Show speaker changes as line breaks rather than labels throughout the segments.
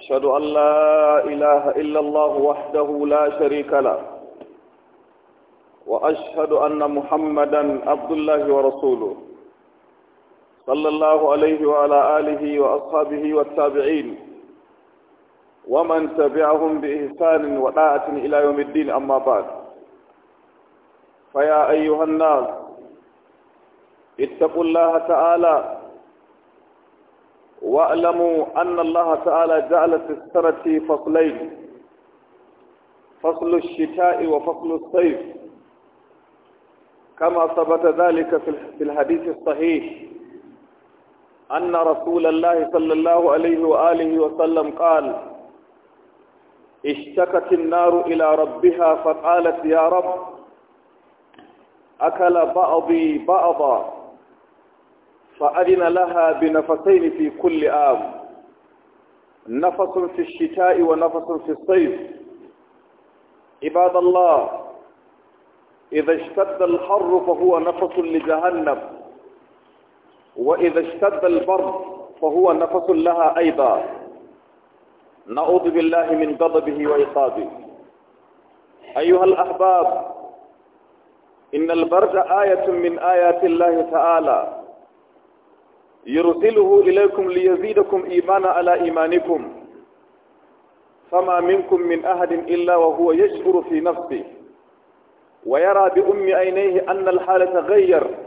أشهد أن لا إله إلا الله وحده لا شريك له وأشهد أن محمدا عبد الله ورسوله صلى الله عليه وعلى آله وأصحابه والتابعين ومن تبعهم بإحسان وطاعة إلى يوم الدين أما بعد فيا أيها الناس اتقوا الله تعالى واعلموا أن الله تعالى جعل في السنة فصلين فصل الشتاء وفصل الصيف كما ثبت ذلك في الحديث الصحيح أن رسول الله صلى الله عليه وآله وسلم قال اشتكت النار إلى ربها فقالت يا رب أكل بعضي بعضا فأذن لها بنفسين في كل آم نفس في الشتاء ونفس في الصيف عباد الله إذا اشتد الحر فهو نفس لجهنم وإذا اشتد البرد فهو نفس لها أيضا نعوذ بالله من غضبه وعقابه أيها الأحباب إن البرد آية من آيات الله تعالى يرسله إليكم ليزيدكم إيمانا على إيمانكم فما منكم من أحد إلا وهو يشعر في نفسه ويرى بأم عينيه أن الحال تغير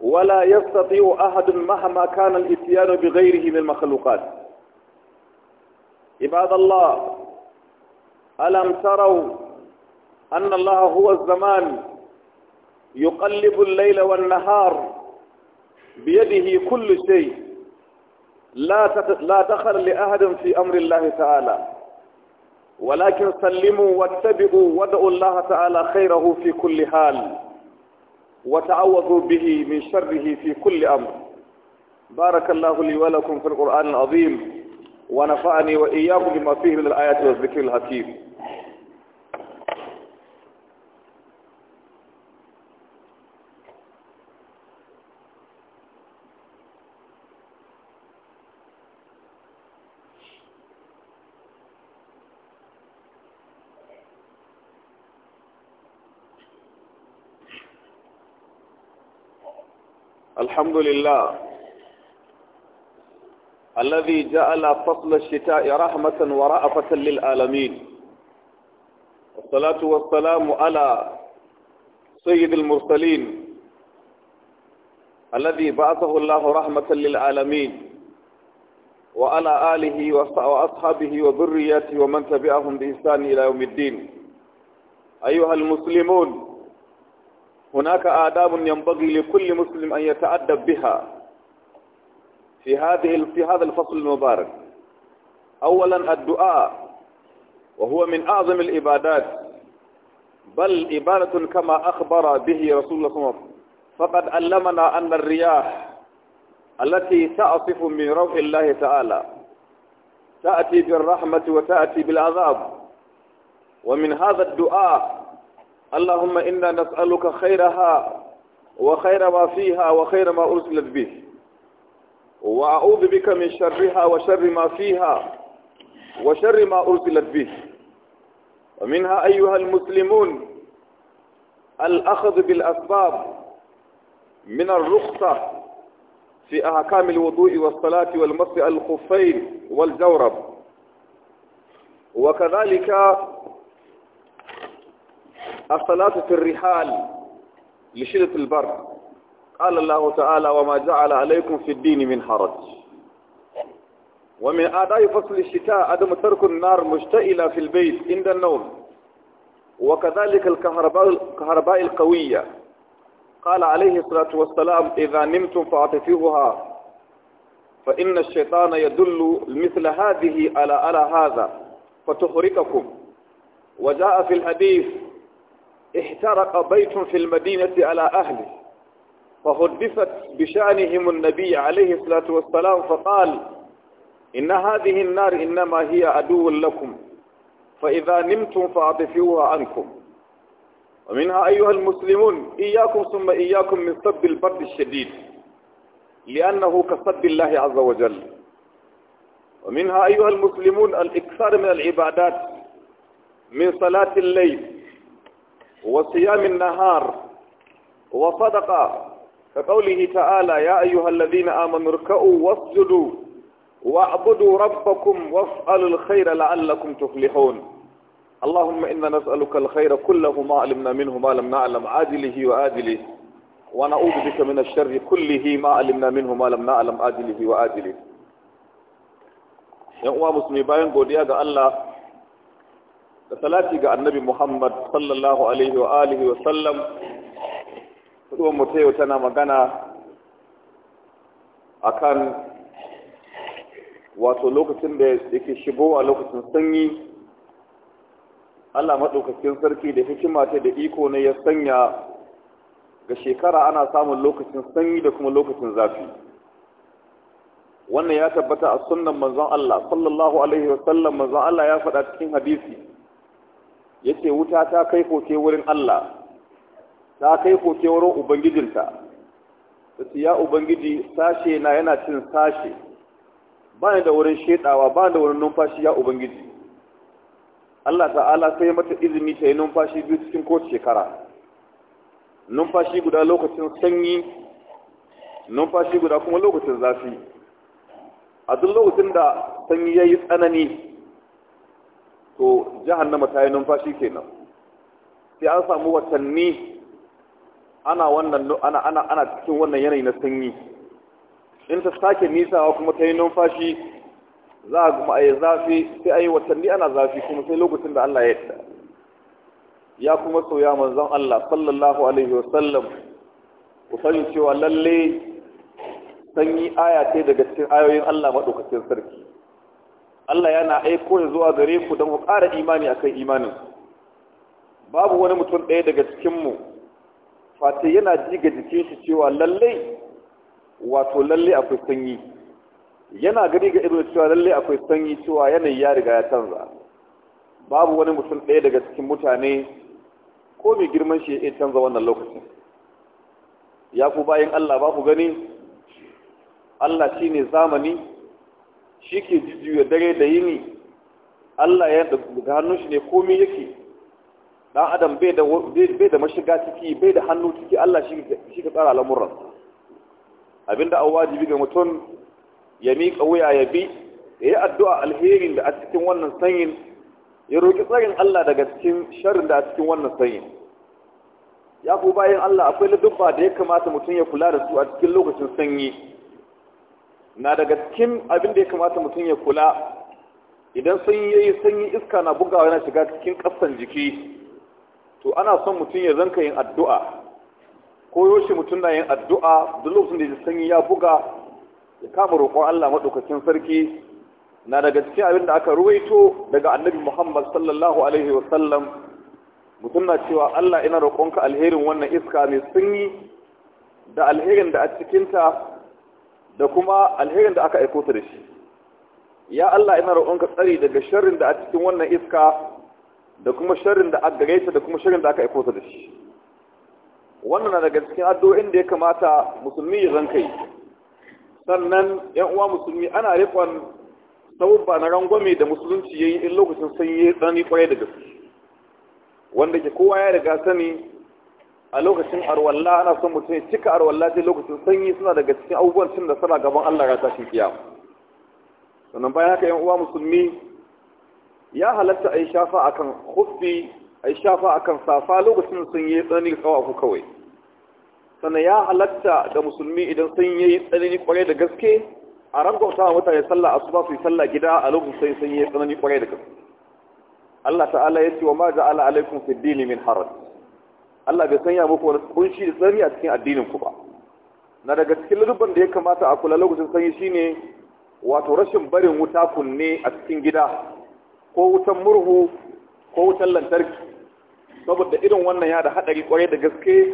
ولا يستطيع أحد مهما كان الاتيان بغيره من المخلوقات عباد الله ألم تروا أن الله هو الزمان يقلب الليل والنهار بيده كل شيء لا لا دخل لأحد في أمر الله تعالى ولكن سلموا واتبعوا وادعوا الله تعالى خيره في كل حال وتعوذوا به من شره في كل أمر بارك الله لي ولكم في القرآن العظيم ونفعني وإياكم بما فيه من الآيات والذكر الحكيم الحمد لله الذي جعل فصل الشتاء رحمة ورأفة للعالمين والصلاة والسلام على سيد المرسلين الذي بعثه الله رحمة للعالمين وعلى آله وأصحابه وذرياته ومن تبعهم بإحسان إلى يوم الدين أيها المسلمون هناك آداب ينبغي لكل مسلم أن يتأدب بها في هذه في هذا الفصل المبارك أولا الدعاء وهو من أعظم العبادات بل عبادة كما أخبر به رسول الله صلى الله عليه وسلم فقد علمنا أن الرياح التي تعصف من روح الله تعالى تأتي بالرحمة وتأتي بالعذاب ومن هذا الدعاء اللهم إنا نسألك خيرها وخير ما فيها وخير ما أرسلت به وأعوذ بك من شرها وشر ما فيها وشر ما أرسلت به ومنها أيها المسلمون الأخذ بالأسباب من الرخصة في أحكام الوضوء والصلاة والمسع الخفين والجورب وكذلك الصلاة في الرحال لشدة البر قال الله تعالى وما جعل عليكم في الدين من حرج ومن آداء فصل الشتاء عدم ترك النار مشتئلة في البيت عند النوم وكذلك الكهرباء القوية قال عليه الصلاة والسلام إذا نمتم فاعتفوها فإن الشيطان يدل مثل هذه على على هذا فتخرجكم وجاء في الحديث احترق بيت في المدينة على أهله فهدفت بشأنهم النبي عليه الصلاة والسلام فقال إن هذه النار إنما هي عدو لكم فإذا نمتم فأطفئوها عنكم ومنها أيها المسلمون إياكم ثم إياكم من سب البرد الشديد لأنه كسب الله عز وجل ومنها أيها المسلمون الإكثار من العبادات من صلاة الليل وصيام النهار وصدقة كقوله تعالى يا أيها الذين آمنوا اركعوا واسجدوا واعبدوا ربكم وافعلوا الخير لعلكم تفلحون اللهم إنا نسألك الخير كله ما علمنا منه ما لم نعلم عاجله وآجله ونعوذ بك من الشر كله ما علمنا منه ما لم نعلم عادله وآجله يا أمام مسلمي باين قد يا الله da salati ga annabi Muhammad sallallahu alaihi wa alihi wa sallam ruwan mutayo tana magana akan wato lokacin da yake shigo a lokacin sanyi Allah maɗaukakin sarki da hikima ta da iko ne ya sanya ga shekara ana samun lokacin sanyi da kuma lokacin zafi wannan ya tabbata a sunnan manzon Allah sallallahu alaihi wasallam manzon Allah ya faɗa cikin hadisi ya ce wuta ta kai koke wurin Allah ta kai koke wurin ubangijinta ta ce ya ubangiji sashe na yana cin sashe ba ni da wurin shedawa ba da wurin numfashi ya ubangiji Allah ta'ala sai mata izini ta yi numfashi biyu cikin kowace shekara numfashi guda lokacin sanyi numfashi guda kuma lokacin zafi a duk lokacin da sanyi ya yi tsanani to jahannama ta yi numfashi kenan sai an samu watanni ana wannan ana ana ana cikin wannan yanayi na sanyi in ta sake nisawa kuma ta yi numfashi za a kuma ayi zafi sai ayi watanni ana zafi kuma sai lokacin da Allah ya yarda ya kuma soya manzon Allah sallallahu alaihi wasallam ku sani cewa lalle sanyi aya ce daga cikin ayoyin Allah madaukakin sarki Allah yana aiko ya zuwa gare ku don ku ƙara imani a akan imanin babu wani mutum ɗaya daga cikinmu fata yana ji ga jikin shi cewa lallai wato lallai akwai sanyi yana gani ga ido cewa lallai akwai sanyi cewa yanayi ya riga ya canza babu wani mutum ɗaya daga cikin mutane ko mai girman shi ya canza wannan lokacin ya ku bayan Allah ba ku gani Allah shi ne zamani shi ke jijjiya dare da yini Allah ya da hannun shi ne komi yake dan adam bai da mashiga ciki bai da hannu ciki Allah shi ka tsara lamuran abinda an wajibi ga mutum ya miƙa wuya ya bi ya yi addu'a alherin da a cikin wannan sanyin ya roƙi tsarin Allah daga cikin sharrin da a cikin wannan sanyin ya ku bayan Allah akwai ladubba da ya kamata mutum ya kula da su a cikin lokacin sanyi na daga cikin abin da ya kamata mutum ya kula idan sanyi ya yi sanyi iska na bugawa yana shiga cikin ƙasan jiki to ana son mutum ya zanka yin addu'a ko yoshi mutum na yin addu'a duk lokacin da ya sanyi ya buga ya kama roƙon Allah maɗaukakin sarki na daga cikin abin da aka ruwaito daga annabi Muhammad sallallahu alaihi wa sallam mutum na cewa Allah ina roƙonka alherin wannan iska mai sanyi da alherin da a cikinta da kuma alherin da aka aiko ta da shi ya Allah ina roƙonka tsari daga sharrin da a cikin wannan iska da kuma sharrin da aka gare da kuma sharrin da aka aiko ta da shi wannan na daga cikin addu'o'in da ya kamata musulmi ya zanka yi sannan yan uwa musulmi ana rikon sabubba na rangwame da musulunci ya yi in lokacin sanyi tsani kwarai da gaske wanda ke kowa ya riga sani a lokacin arwalla ana son mutum ya cika arwalla dai lokacin sanyi suna daga cikin abubuwan cin da suna gaban Allah ya tashi kiyama sannan bayan haka yan uwa musulmi ya halatta a yi shafa a kan hufi a yi shafa a kan safa lokacin sun yi tsanani kawafu kawai sannan ya halatta da musulmi idan sun yi tsanani kwarai da gaske a rangwamta wa mutane sallah asuba su yi sallah gida a lokacin sun yi tsanani kwarai da gaske Allah ta'ala ya ce wa ma ja'ala alaikum fi dini min haraj Allah bai sanya muku wani kunshi da tsari a cikin addinin ku ba na daga cikin lubban da ya kamata a kula lokacin sanyi shine wato rashin barin wuta kunne a cikin gida ko wutan murhu ko wutan lantarki saboda irin wannan ya da haɗari kwarai da gaske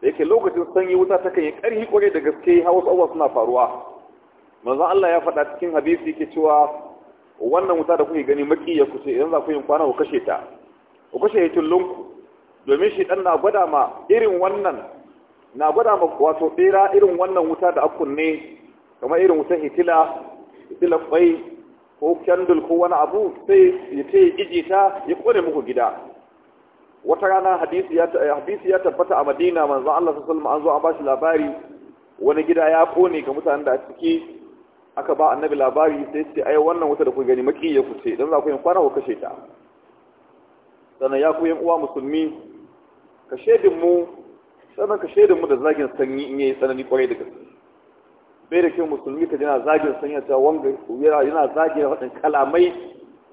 da yake lokacin sanyi wuta ta kan yi ƙarfi kwarai da gaske har wasu abubuwa suna faruwa manzon Allah ya faɗa cikin hadisi yake cewa wannan wuta da kuke gani maki ya kuce idan za ku yi kwana ku kashe ta ku kashe hitin lunku domin shi ɗan na gwada ma irin wannan na gwada ma wato ɗera irin wannan wuta da akun ne kamar irin wutan hitila hitila kwai ko kyandul ko wani abu sai ya ce iji ta ya kone muku gida wata rana hadisi ya tabbata a madina manzo Allah sallallahu alaihi an zo a bashi labari wani gida ya kone ga mutanen da a ciki aka ba annabi labari sai ce ai wannan wuta da ku gani maki ya kuce dan za ku yin kwana ku kashe ta sannan ya ku yan uwa musulmi ka shaidin mu sannan ka shaidin mu da zagin sanyi in yi tsanani kwarai da gaske bai da kyau musulmi ka jina zagin sanyi ta wanga yana zagin waɗin kalamai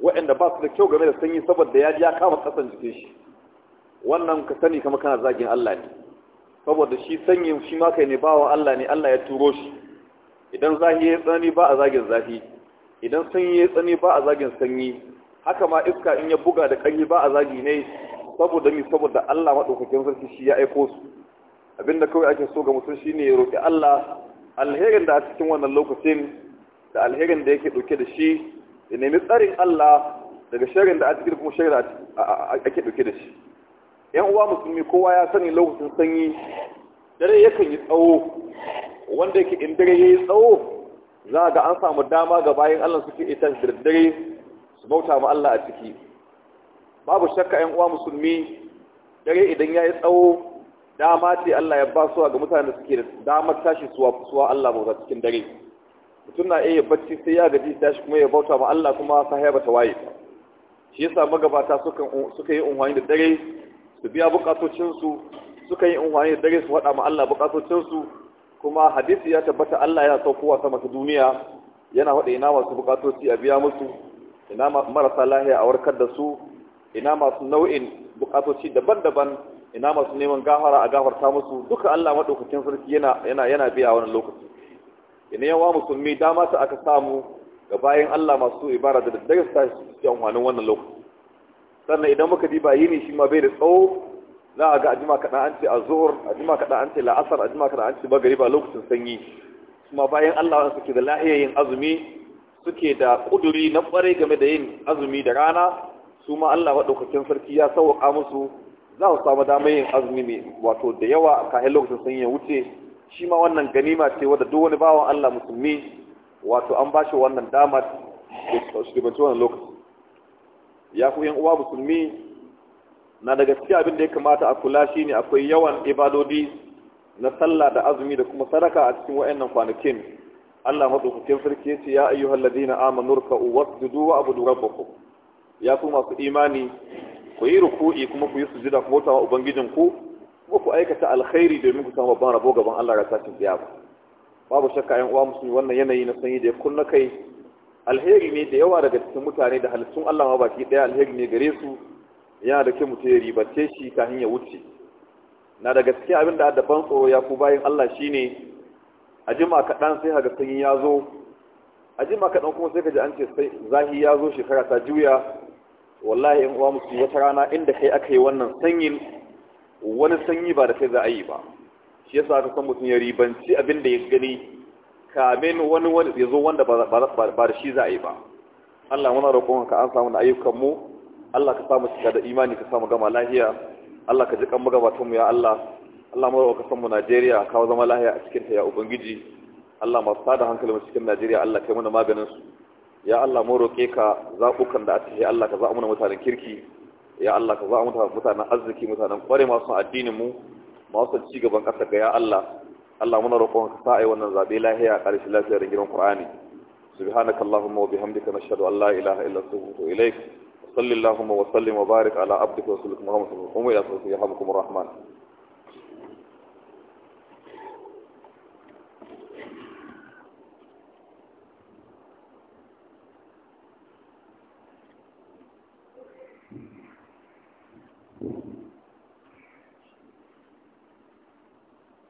waɗanda ba su da kyau game da sanyi saboda ya ji ya kama ƙasan jikin shi wannan ka sani kama kana zagin Allah ne saboda shi sanyin shi ma kai ne bawa Allah ne Allah ya turo shi idan zahi ya tsanani ba a zagin zafi idan sanyi ya tsanani ba a zagin sanyi haka ma iska in ya buga da kanyi ba a zagi ne saboda mi saboda Allah maɗaukakin sarki shi ya aiko su abinda kawai ake so ga mutum shine ya roƙi Allah alherin da a cikin wannan lokacin da alherin da yake ɗauke da shi ya nemi tsarin Allah daga sharin da a cikin kuma sharin da ake ɗauke da shi yan uwa musulmi kowa ya sani lokacin sanyi dare yakan yi tsawo wanda yake in dare yayi tsawo za ga an samu dama ga bayan Allah suke ita da dare su bauta ma Allah a ciki babu shakka 'yan uwa musulmi dare idan ya yi tsawo dama ce Allah ya ba suwa ga mutane da suke da damar tashi suwa suwa Allah ba cikin dare mutum na iya bacci sai ya gaji tashi kuma ya bauta ma Allah kuma sa ba ta waye shi yasa magabata suka suka yi unhwani da dare su biya bukatocin su suka yi unhwani da dare su faɗa ma Allah bukatocin su kuma hadisi ya tabbata Allah ya saukowa sama ta duniya yana faɗa ina masu bukatoci a biya musu ina marasa lahiya a warkar da su ina masu nau'in bukatoci daban-daban ina masu neman gafara a gafarta musu duka Allah madaukakin sarki yana yana yana biya wannan lokaci ina yawa musulmi dama ta aka samu ga bayan Allah masu ibara da daga sa shi cikin wani wannan lokaci sannan idan muka diba yini shi ma bai da tsawo za a ga ajima kada an ce a zuhur ajima kada an ce la'asar ajima kada an ce ba lokacin sanyi kuma bayan Allah suke da lahiyayin azumi suke da kuduri na kware game da yin azumi da rana su ma Allah maɗaukakin sarki ya sauƙa musu za su samu damar yin azumi ne wato da yawa a kayan lokacin sun ya wuce shi ma wannan ganima ce wadda duk wani bawan Allah musulmi wato an ba shi wannan damar da shugabanci wannan lokaci ya ku yan uwa musulmi na daga cikin abin da ya kamata a kula shi ne akwai yawan ibadodi na sallah da azumi da kuma sadaka a cikin wa'annan kwanakin Allah maɗaukakin sarki ya ce ya ayyuhallazina amanu ruk'u wasjudu wa abudu rabbakum ya ku masu imani ku yi ruku'i kuma ku yi sujida ku bauta wa ubangijin ku kuma ku aikata alkhairi domin ku samu babban rabo gaban Allah ga tashin kiyama babu shakka ƴan uwa musulmi wannan yanayi na sanyi da ya kunna kai alheri ne da yawa daga cikin mutane da halittun Allah ma baki daya alheri ne gare su yana da kyau mutum ya ribace shi kafin ya wuce na da gaske abin da addaban tsoro ya ku bayan Allah shine a jima kaɗan sai ga sanyi ya zo a jima kaɗan kuma sai ka ji an ce zahi ya zo shekara ta juya wallahi in uwa musu wata rana inda kai aka yi wannan sanyin wani sanyi ba da kai za a yi ba shi yasa aka san mutum ya ribanci abin da ya gani kamin wani wani ya zo wanda ba da shi za a yi ba Allah muna roƙon ka an samu na ayyukan mu Allah ka samu cika da imani ka samu gama lahiya Allah ka ji kan magabatan mu ya Allah Allah mara ka san mu Najeriya kawo zama lahiya a cikin ta ya ubangiji Allah masu tada mu cikin Najeriya Allah kai mana maganin su ya Allah mu roƙe ka zaɓukan da aka yi Allah ka zaɓa muna mutanen kirki ya Allah ka zaɓa mutanen arziki mutanen kware masu addinin mu masu ci gaban ƙasa ga ya Allah Allah muna roƙon ka sa'a wannan zaɓe lahiya a ƙarshe lafiyar gidan Qur'ani subhanaka allahumma wa bihamdika nashhadu an la ilaha illa anta astaghfiruka wa ilayk sallallahu wa sallim wa barik ala abdika wa rasulika muhammadin wa ala alihi wa sahbihi rahman